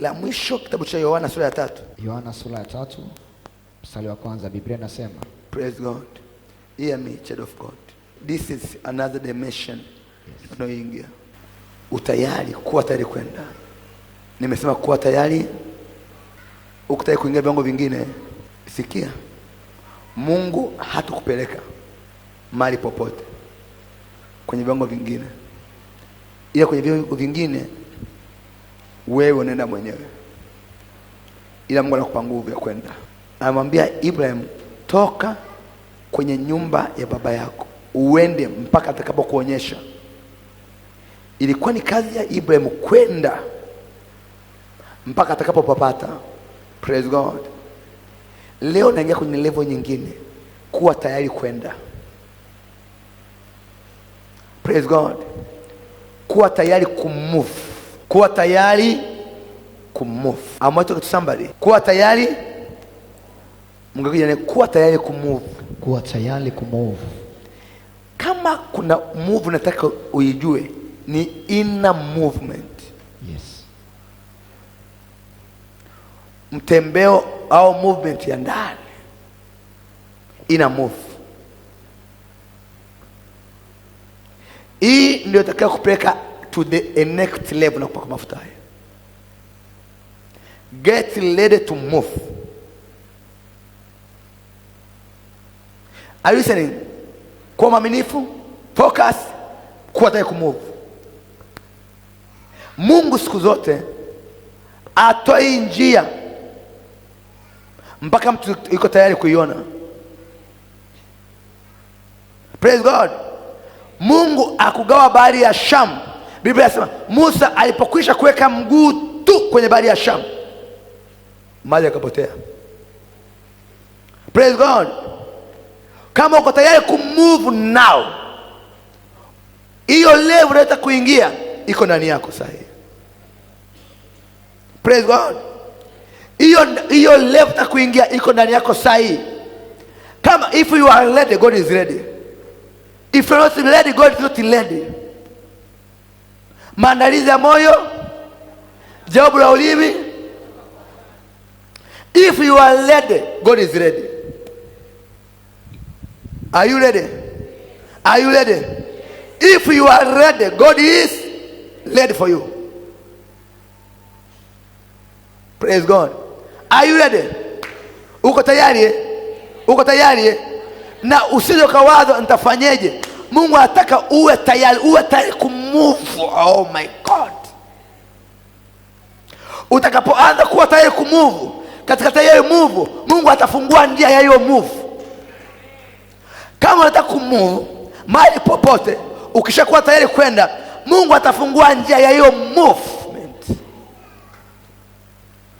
la mwisho kitabu cha Yohana sura ya tatu Yohana sura ya tatu mstari wa kwanza Biblia inasema Praise God. Hear me, child of God. This is another dimension yes. utayari, kuwa tayari kwenda. Nimesema kuwa tayari, ukitaka kuingia viwango vingine, sikia, Mungu hatukupeleka mali popote kwenye viwango vingine, ila kwenye viwango vingine wewe unaenda mwenyewe, ila Mungu anakupa nguvu ya kwenda. Anamwambia Ibrahim, toka kwenye nyumba ya baba yako uende mpaka atakapokuonyesha. Ilikuwa ni kazi ya Ibrahim kwenda mpaka atakapopapata. Praise God. Leo naingia kwenye level nyingine, kuwa tayari kwenda. Praise God, kuwa tayari kumove kuwa tayari kumove. I'm going to somebody. Kuwa tayari mngekuja, kuwa tayari kumove, kuwa tayari kumove. Kama kuna move unataka uijue ni inner movement. Yes. Mtembeo au movement ya ndani ina move. Hii ndio itakayokupeleka to the next level kupaka mafuta haya. Get ready to move. Are you listening? Kuwa mwaminifu, focus, kuwa tayari kumove. Mungu siku zote atoi njia mpaka mtu iko tayari kuiona. Praise God. Mungu akugawa bahari ya Shamu Biblia inasema Musa alipokwisha kuweka mguu tu kwenye bahari ya Shamu, maji yakapotea. Praise God. Kama uko tayari kumove now, hiyo levu unaweza kuingia, iko ndani yako sahihi. Praise God. Hiyo hiyo levu ta kuingia iko ndani yako sahihi. Kama if you are ready, God is ready. If you are not ready, God is not ready maandalizi ya moyo, jawabu la ulimi. If you are ready, God is ready. Are you ready? Are you ready? If you are ready, God is ready for you. Praise God. Are you ready? Uko tayari? Uko tayari? Na usije ukawaza nitafanyeje. Mungu anataka uwe tayari, uwe tayari kum kumuvu Oh my God, utakapoanza kuwa tayari kumuvu katika tayari muvu Mungu atafungua njia ya hiyo muvu Kama unataka kumuvu mali popote, ukishakuwa tayari kwenda, Mungu atafungua njia ya hiyo movement.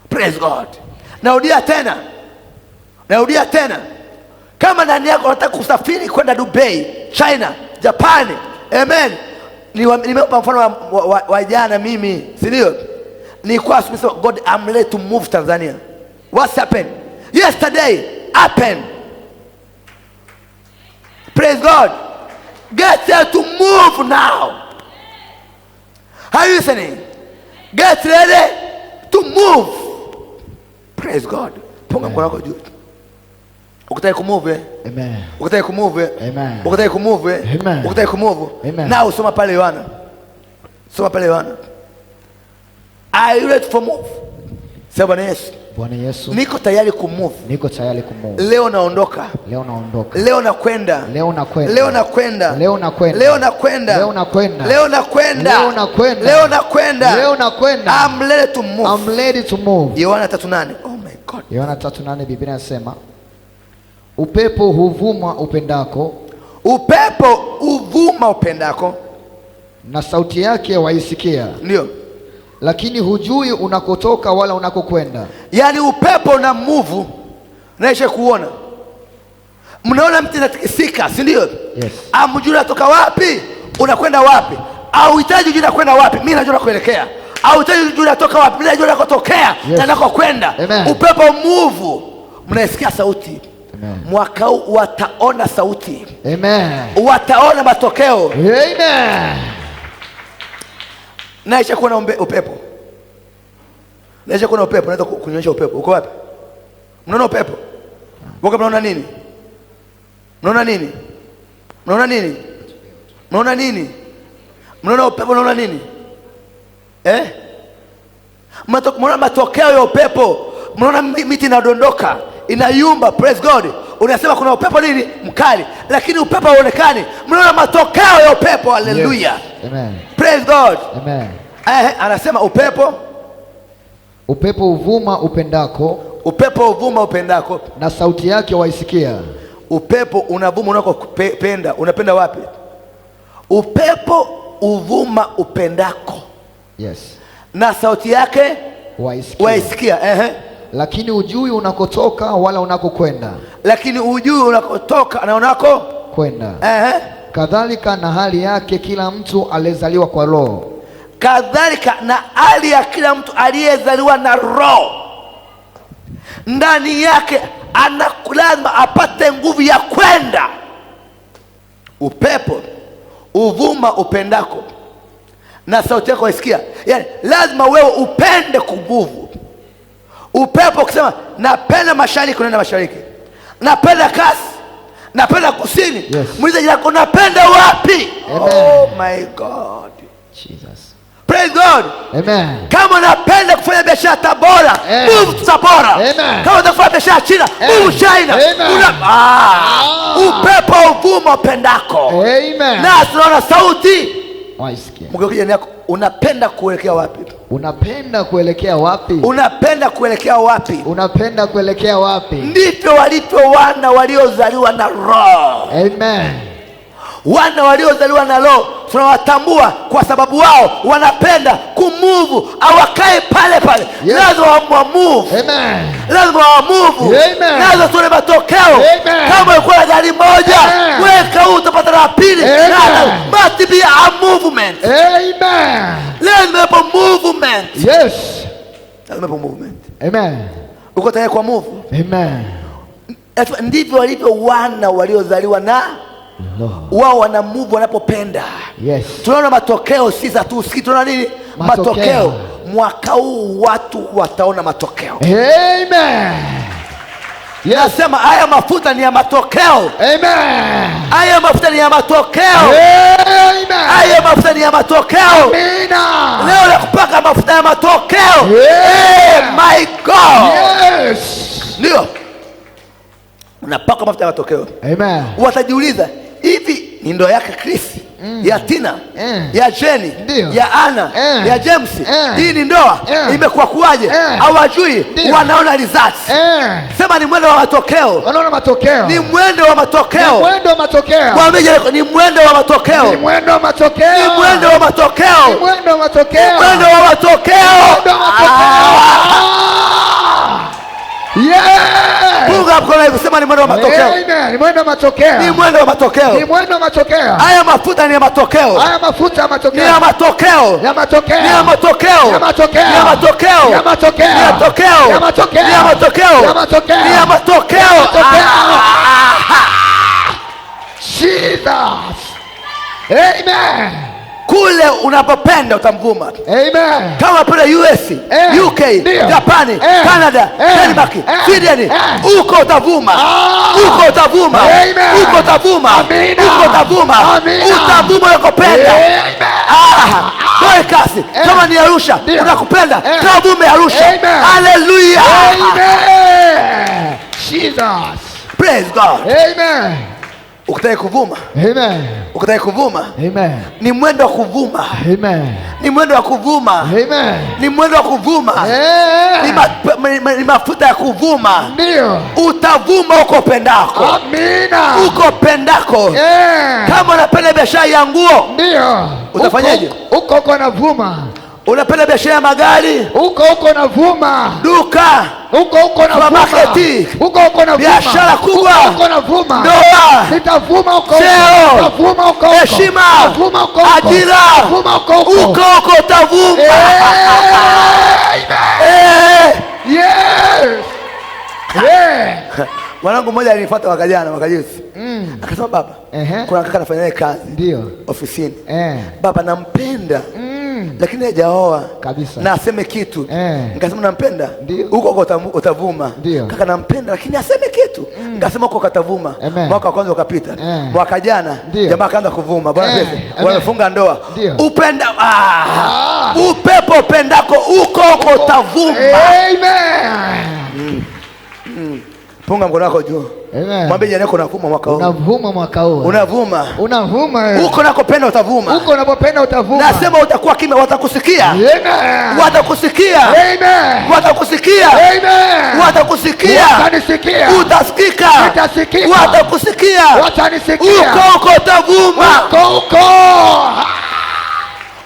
Praise God. Narudia tena, narudia tena, kama ndani yako unataka kusafiri kwenda Dubai, China, Japani, amen nimekupa mfano wa, wa, wa, wa jana mimi, si ndio? Nilikuwa nimesema God I'm ready to move Tanzania. What's happened? Yesterday happened. Praise God. Get ready to move now. Are you listening? Get ready to move. Praise God. Ponga mkono wako juu ukitaka kumove ukitaka kumove na usoma pale Yohana, soma pale Yohana. I ready for move. Sasa Bwana Yesu Bwana Yesu, niko tayari kumove, niko tayari kumove. Leo naondoka, leo naondoka, leo nakwenda, leo nakwenda, leo nakwenda, leo nakwenda, leo nakwenda, leo nakwenda, leo nakwenda, leo nakwenda, leo nakwenda, leo nakwenda. I'm ready to move, I'm ready to move. Yohana 3:8. Oh my God, Yohana 3:8, Biblia inasema Upepo huvuma upendako, upepo huvuma upendako, na sauti yake waisikia, ndio lakini hujui unakotoka wala unakokwenda. Yaani upepo na muvu naisha kuona, mnaona mti natikisika, si ndio? Yes. Amjui natoka wapi, unakwenda wapi, au hitaji juu nakwenda wapi, mimi najua nakuelekea au hitaji natoka wapi, mimi najua nakotokea na nakokwenda. Upepo muvu, mnaisikia sauti mwaka huu wataona sauti Amen. Wataona matokeo Amen. Naisha kuona upepo, naisha kuona upepo, naweza kunyonyesha upepo. Uko wapi? Mnaona upepo? Woga, mnaona nini? Mnaona nini? Mnaona nini? Mnaona nini? Mnaona upepo, mnaona nini? Eh? Mnaona matokeo ya upepo, mnaona miti inadondoka inayumba. Praise God. Unasema kuna upepo nini mkali, lakini upepo hauonekani. Mnaona matokeo ya upepo. Haleluya, amen. Praise God, amen. Eh, eh anasema upepo upepo uvuma upendako, upepo uvuma upendako, na sauti yake waisikia. Upepo unavuma unakopenda. Unapenda wapi? Upepo uvuma upendako, yes, na sauti yake waisikia, waisikia. Eh, eh lakini ujui unakotoka wala unakokwenda, lakini ujui unakotoka na unako kwenda. Eh, kadhalika na hali yake kila mtu aliyezaliwa kwa roho, kadhalika na hali ya kila mtu aliyezaliwa na roho ndani yake, ana lazima apate nguvu ya kwenda. Upepo uvuma upendako, na sauti yako waisikia. Yani lazima wewe upende kwa Upepo ukisema napenda mashariki, unaenda mashariki. Napenda kasi, napenda kusini. Yes. mwiza jirako napenda wapi? Amen. Oh my God. Jesus. Praise God. Amen. Kama unapenda kufanya biashara Tabora, move to Tabora. Amen. Kama unafanya biashara China, move China. Una ah, ah. upepo uvuma upendako. Amen. Na tunaona sauti. Waisikia. Mgeukie jirani yako unapenda kuelekea wapi? Unapenda kuelekea wapi? Unapenda kuelekea wapi? Unapenda kuelekea wapi? Ndivyo walivyo wana waliozaliwa na Roho. Amen. Wana waliozaliwa na Roho tunawatambua kwa sababu wao wanapenda kumuvu, awakae pale pale, lazima wamuvu, lazima wamuvu, lazima tuone matokeo. Kama ulikuwa na gari moja, weka huu, utapata la pili. Must be a movement, lazima ipo movement, lazima ipo movement. Uko tayari kwa move? Ndivyo walivyo wana waliozaliwa na wao wana move wanapopenda. Yes. Tunaona matokeo sisa tu siki, tunaona nini matokeo, matokeo. Mwaka huu watu wataona matokeo. Amen. Nasema haya mafuta ni ya matokeo. Amen. Haya mafuta ni ya matokeo. Amen. Haya mafuta ni ya matokeo. Leo nakupaka mafuta ya matokeo. Yes. Hey, eh, my God. Yes. Ndio. Unapaka mafuta ya matokeo. Amen. Watajiuliza ni ndoa yake Chris mm. ya Tina mm. ya Jenny Dio. ya Anna mm. ya James mm. hii ni ndoa mm. imekuwa kuwaje? mm. hawajui, wanaona results mm. sema ni mwendo wa matokeo, wanaona matokeo, ni mwendo wa matokeo, ni mwendo wa matokeo, ni mwendo wa matokeo, ni mwendo wa matokeo, ni mwendo wa matokeo, ni mwendo wa matokeo, ni mwendo wa matokeo kusema ni mwendo wa matokeo. Ni mwendo wa matokeo. Haya mafuta ni ya matokeo. Haya mafuta ya matokeo. Ni ya matokeo. ya matokeo. Ni ya matokeo. ya matokeo. Ni ya matokeo. Ni ya matokeo. Ni ya matokeo. Ni ya matokeo. Ni ya matokeo. Ni ya matokeo. Ni ya matokeo. Ah. Jesus. Amen kule unapopenda utamvuma. Amen. Kama pale US, eh, UK, ndio. Japani, eh, Canada, eh, eh, Denmark, eh, Sweden, eh, uko utavuma. Ah. Uko utavuma. Uko utavuma. Uko utavuma. Utavuma unakopenda. Ah, kwa kasi. Eh. Kama ni Arusha, unakupenda. Tavume eh. Arusha. Hallelujah. Amen. Jesus. Praise God. Amen. Ukitaka kuvuma Amen. Ukitaka kuvuma Amen. Ni mwendo wa kuvuma Amen. Ni mwendo wa kuvuma Amen. Ni mwendo wa kuvuma yeah. Ni, mafuta ya kuvuma ndio utavuma uko pendako. Amina. uko pendako yeah. Kama unapenda biashara ya nguo ndio utafanyaje? Uko huko navuma Unapenda biashara ya magari huko huko na vuma duka huko huko na vuma market huko huko na vuma biashara kubwa huko na vuma ndoa nitavuma huko huko nitavuma huko huko heshima nitavuma huko huko ajira nitavuma huko huko huko huko utavuma eh, eh! yes eh mwanangu mmoja alinifuata mwaka jana mwaka juzi mm. akasema baba uh -huh. kuna kaka anafanya kazi ndio ofisini eh. baba nampenda mm. Mm. lakini hajaoa kabisa, na aseme kitu eh. Nikasema nampenda, huko huko utavuma. Kaka nampenda, lakini aseme kitu mm. Nikasema huko katavuma. Mwaka wa kwanza ukapita eh. Mwaka jana jamaa akaanza kuvuma bwana eh. Wamefunga ndoa upenda ah. Ah. Upepo pendako huko huko utavuma. Amen. Punga mkono wako juu. Mwambie jirani yako unavuma mwaka huu. Unavuma mwaka huu. Unavuma. Unavuma. Huko unakopenda utavuma. Huko unapopenda utavuma. Nasema utakuwa kimya, watakusikia. Amen. Watakusikia. Amen. Watakusikia. Amen. Watakusikia. Watanisikia. Utasikika. Utasikika. Watakusikia. Watanisikia. Huko huko utavuma. Huko huko.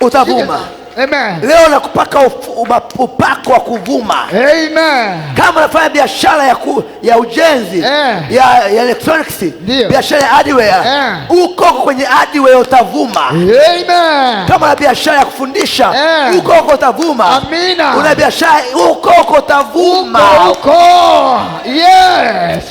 Utavuma. Amen. Leo nakupaka upako wa kuvuma. Amen. Kama unafanya biashara ya, ya ujenzi eh, ya, ya electronics, biashara ya hardware eh, uko kwenye hardware utavuma. Amen. Kama una biashara ya kufundisha eh, uko uko utavuma. Amina. Una biashara uko uko utavuma. Uko, uko. Yes.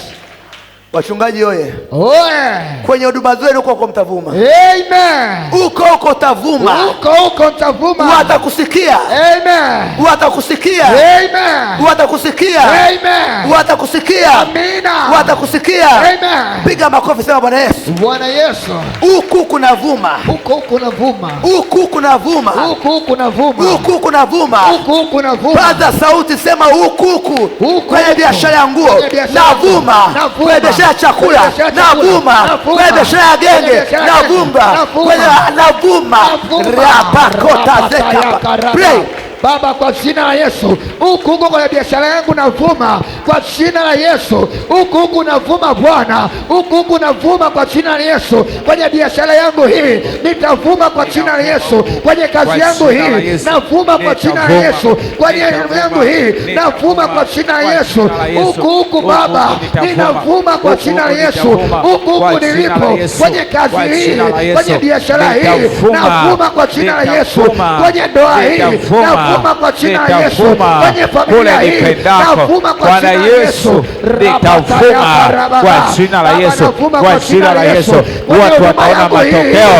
Wachungaji oye, oye. Kwenye huduma zenu uko uko mtavuma. Amen. Uko uko tavuma. Uko uko mtavuma. Watakusikia. Amen. Watakusikia. Amen. Watakusikia. Amen. Watakusikia. Amina. Watakusikia. Amen. Piga makofi sema Bwana Yesu. Bwana Yesu. Huku kuna vuma. Huku kuna vuma. Huku kuna vuma. Huku kuna vuma. Huku kuna vuma. Huku kuna vuma. Paza sauti sema huku huku. Kwenye biashara ya nguo. Na vuma. Na vuma kuendeshea chakula navuma, kuendeshea genge navumba, navuma rapakotazeka Baba, kwa jina la Yesu, huku huku kwenye biashara yangu navuma kwa jina la Yesu, huku huku navuma Bwana, huku huku navuma kwa jina la Yesu, kwenye biashara yangu hii nitavuma kwa jina la Yesu, kwenye kazi yangu hii navuma kwa jina la Yesu, kwenye elimu yangu hii navuma kwa jina la Yesu, huku huku Baba ninavuma kwa jina la Yesu, huku huku nilipo kwenye kazi hii, kwenye biashara hii navuma kwa jina la Yesu, kwenye ndoa hii nitavuma kule nipendako. Bwana Yesu, nitavuma kwa jina la Yesu, kwa jina la Yesu. Watu wataona matokeo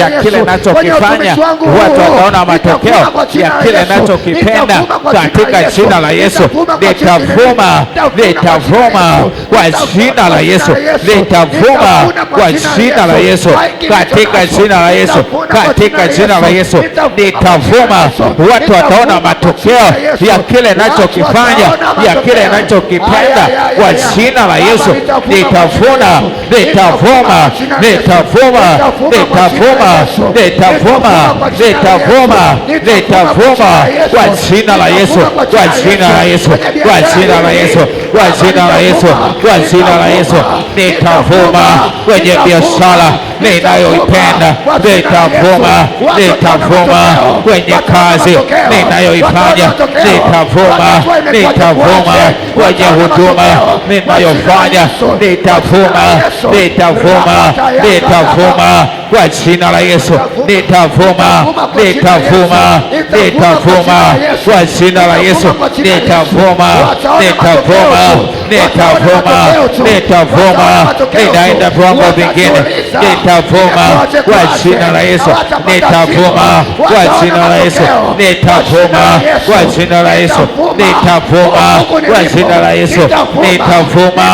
ya kile nachokifanya, watu wataona matokeo ya kile nachokipenda katika jina la Yesu. Nitavuma, nitavuma kwa jina la Yesu, nitavuma kwa jina la Yesu, katika jina la Yesu, katika jina la Yesu nitavuma watu wataona matokeo ya kile nachokifanya, ya kile nachokitenda kwa jina la Yesu. Nitavuna, nitavuma, nitavuma, nitavuma, nitavuma, nitavuma, nitavuma kwa jina la Yesu, kwa jina la Yesu, kwa jina la Yesu kwa jina la Yesu, kwa jina la Yesu, nitavuma kwenye biashara ninayoipenda, nitavuma, nitavuma kwenye kazi ninayoifanya, nitavuma, nitavuma kwenye huduma ninayofanya, nitavuma, nitavuma, nitavuma kwa jina la Yesu, nitavuma, nitavuma, nitavuma kwa jina la Yesu, nitavuma, nitavuma, nitavuma, nitavuma, nitaenda viwango vingine, nitavuma kwa jina la Yesu, nitavuma kwa jina la Yesu, nitavuma kwa jina la Yesu, nitavuma kwa jina la Yesu, nitavuma,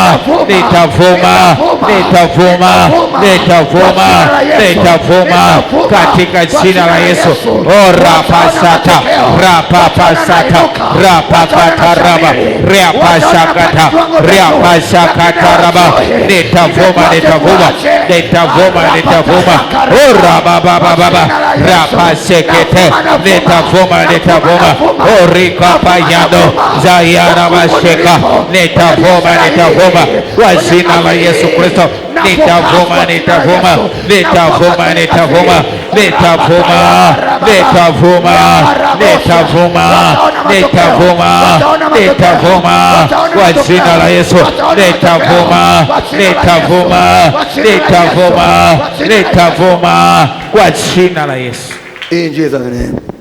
nitavuma Nita vuma, nita vuma, nita vuma. Katika jina la Yesu. Oh rapasata, rapapasata, rapapataraba, rapashakata, rapashakataraba. Nita vuma, nita vuma, nita vuma, nita vuma. Oh rapa rapasekete, nita vuma, nita vuma. o rikapayado, zayara masheka, nita vuma, nita vuma. Kwa jina la Yesu Kristo. Yesu, nitavuma, nitavuma, nitavuma, nitavuma, nitavuma, nitavuma, nitavuma, nitavuma, nitavuma kwa jina la Yesu, nitavuma, nitavuma, nitavuma, nitavuma kwa jina la Yesu. In Jesus name.